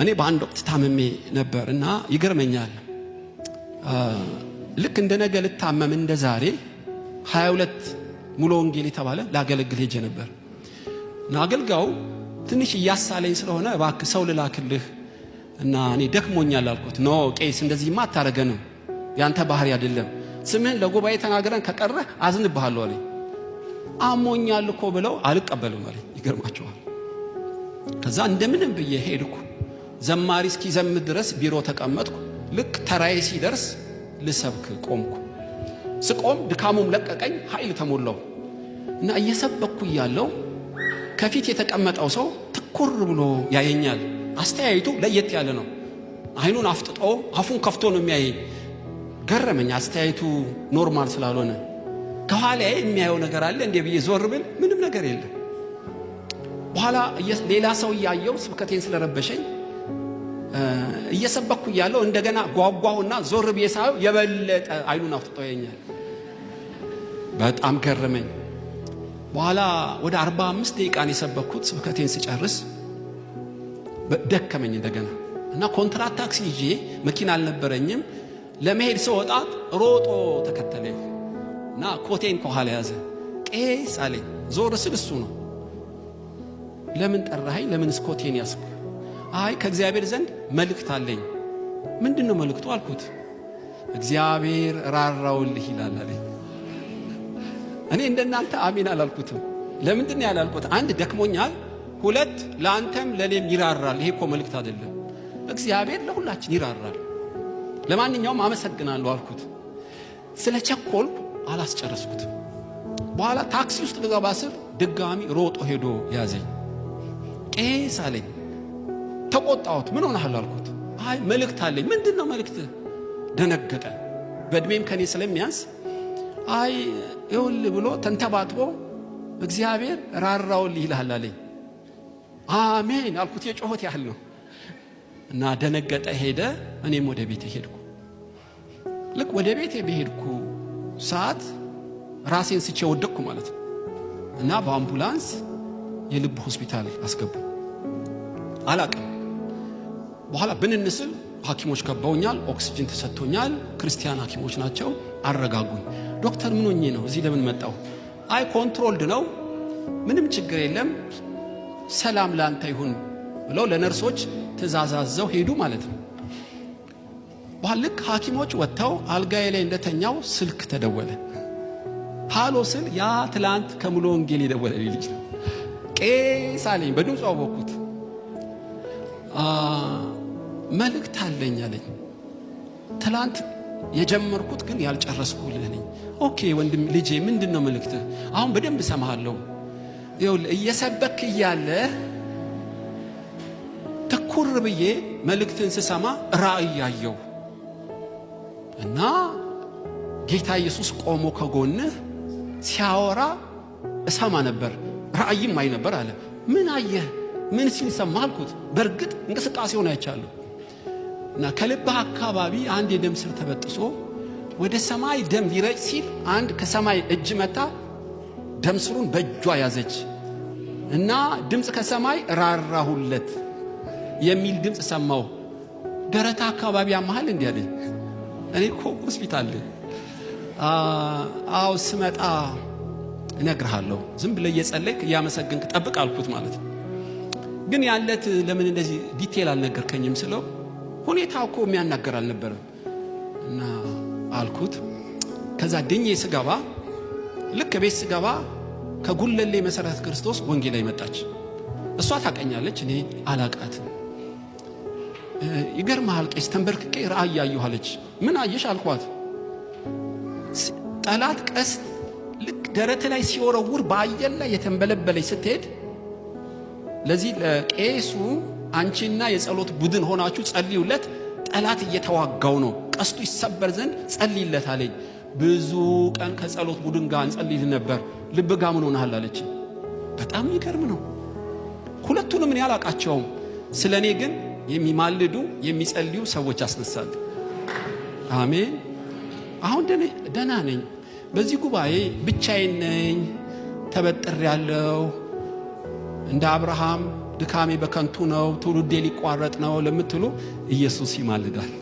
እኔ በአንድ ወቅት ታመሜ ነበር እና ይገርመኛል። ልክ እንደ ነገ ልታመም እንደ ዛሬ 22 ሙሉ ወንጌል የተባለ ላገለግል ሄጀ ነበር እና አገልጋው ትንሽ እያሳለኝ ስለሆነ እባክህ ሰው ልላክልህ እና እኔ ደክሞኛል አልኩት። ኖ ቄስ፣ እንደዚህማ አታረገንም፣ ያንተ ባህሪ አይደለም። ስምህን ለጉባኤ ተናግረን ከቀረህ አዝንብሃለሁ አለኝ። አሞኛል እኮ ብለው አልቀበልም አለኝ። ይገርማቸዋል። ከዛ እንደምንም ብዬ ሄድኩ። ዘማሪ እስኪዘምት ድረስ ቢሮ ተቀመጥኩ። ልክ ተራዬ ሲደርስ ልሰብክ ቆምኩ። ስቆም ድካሙም ለቀቀኝ፣ ኃይል ተሞላው እና እየሰበኩ እያለው ከፊት የተቀመጠው ሰው ትኩር ብሎ ያየኛል። አስተያየቱ ለየት ያለ ነው። አይኑን አፍጥጦ አፉን ከፍቶ ነው የሚያየኝ። ገረመኝ። አስተያየቱ ኖርማል ስላልሆነ ከኋላ የሚያየው ነገር አለ እንዴ ብዬ ዞር ብል ምንም ነገር የለም። በኋላ ሌላ ሰው እያየው ስብከቴን ስለረበሸኝ እየሰበኩ እያለው እንደገና ጓጓውና ዞር ብዬ የበለጠ አይኑን አፍጦ ያኛል። በጣም ገረመኝ። በኋላ ወደ 45 ደቂቃን የሰበኩት ስብከቴን ስጨርስ ደከመኝ እንደገና እና ኮንትራት ታክሲ ይዤ መኪና አልነበረኝም። ለመሄድ ወጣት ሮጦ ተከተለኝ እና ኮቴን ከኋላ ያዘ። ቄስ አለኝ። ዞር ስል እሱ ነው። ለምን ጠራኸኝ? ለምንስ ኮቴን ያዝኩ? አይ ከእግዚአብሔር ዘንድ መልእክት አለኝ። ምንድን ነው መልእክቱ አልኩት። እግዚአብሔር ራራውልህ ይላል አለ እኔ እንደናንተ አሜን አላልኩትም። ለምንድን ነው ያላልኩት? አንድ ደክሞኛል፣ ሁለት ለአንተም ለእኔም ይራራል። ይሄ እኮ መልእክት አይደለም። እግዚአብሔር ለሁላችን ይራራል። ለማንኛውም አመሰግናለሁ አልኩት። ስለ ቸኮል አላስጨረስኩትም። በኋላ ታክሲ ውስጥ ልገባ ስል ድጋሚ ሮጦ ሄዶ ያዘኝ። ቄስ አለኝ። ተቆጣሁት። ምን ሆነሃል አልኩት። አይ መልእክት አለኝ። ምንድን ነው መልእክት? ደነገጠ። በእድሜም ከኔ ስለሚያንስ አይ ይውል ብሎ ተንተባትቦ እግዚአብሔር ራራውል ይልሃል አለኝ። አሜን አልኩት። የጮኸት ያህል ነው እና ደነገጠ፣ ሄደ። እኔም ወደ ቤቴ ሄድኩ። ልክ ወደ ቤቴ በሄድኩ ሰዓት ራሴን ስቼ ወደቅኩ ማለት ነው እና በአምቡላንስ የልብ ሆስፒታል አስገቡ። አላቅም በኋላ ብንንስል ሐኪሞች ከበውኛል፣ ኦክሲጅን ተሰጥቶኛል። ክርስቲያን ሐኪሞች ናቸው። አረጋጉኝ። ዶክተር ምን ሆኜ ነው እዚህ ለምን መጣሁ? አይ ኮንትሮልድ ነው፣ ምንም ችግር የለም፣ ሰላም ላንተ ይሁን ብለው ለነርሶች ትእዛዛዘው ሄዱ ማለት ነው። በኋላ ልክ ሐኪሞች ወጥተው አልጋዬ ላይ እንደተኛው ስልክ ተደወለ። ሃሎ ስል ያ ትላንት ከሙሉ ወንጌል የደወለ ልጅ ነው። ቄስ አለኝ። በድምፅ አወቅኩት። መልእክት አለኝ አለኝ። ትላንት የጀመርኩት ግን ያልጨረስኩልህ ነኝ። ኦኬ ወንድም ልጄ ምንድን ነው መልእክትህ? አሁን በደንብ ሰማሃለሁ ው እየሰበክ እያለ ትኩር ብዬ መልእክትን ስሰማ ራእይ ያየው እና ጌታ ኢየሱስ ቆሞ ከጎንህ ሲያወራ እሰማ ነበር፣ ራእይም አይ ነበር አለ። ምን አየህ? ምን ሲል ሰማ አልኩት። በእርግጥ እንቅስቃሴውን አይቻለሁ። እና ከልብህ አካባቢ አንድ የደም ስር ተበጥሶ ወደ ሰማይ ደም ሊረጭ ሲል አንድ ከሰማይ እጅ መታ ደም ስሩን በእጇ ያዘች እና ድምፅ ከሰማይ ራራሁለት የሚል ድምፅ ሰማሁ። ደረታ አካባቢ ያመሃል እንዲህ አለኝ። እኔ እኮ ሆስፒታል አው ስመጣ እነግርሃለሁ። ዝም ብለህ እየጸለይክ እያመሰገንክ ጠብቅ አልኩት ማለት ነው። ግን ያለት ለምን እንደዚህ ዲቴል አልነገርከኝም ስለው ሁኔታ እኮ የሚያናገር አልነበረም። እና አልኩት። ከዛ ድኜ ስገባ ልክ ቤት ስገባ ከጉለሌ መሰረት ክርስቶስ ወንጌላ መጣች። እሷ ታቀኛለች፣ እኔ አላቃት ይገርምሃል ቄስ ተንበርክቄ ራ አየሁ ምን አየሽ አልኳት። ጠላት ቀስ ልክ ደረት ላይ ሲወረውር በአየር ላይ የተንበለበለች ስትሄድ ለዚህ ለቄሱ አንቺና የጸሎት ቡድን ሆናችሁ ጸልዩለት፣ ጠላት እየተዋጋው ነው፣ ቀስቱ ይሰበር ዘንድ ጸልይለት አለኝ። ብዙ ቀን ከጸሎት ቡድን ጋር እንጸልይ ነበር። ልብ ጋ ምን ሆነሃል አለች። በጣም ይገርም ነው። ሁለቱንም እኔ አላቃቸውም። ስለ እኔ ግን የሚማልዱ የሚጸልዩ ሰዎች አስነሳል። አሜን። አሁን ደህና ነኝ። በዚህ ጉባኤ ብቻዬን ነኝ። ተበጥሬ ያለው እንደ አብርሃም ድካሜ በከንቱ ነው፣ ትውልዴ ሊቋረጥ ነው ለምትሉ ኢየሱስ ይማልዳል።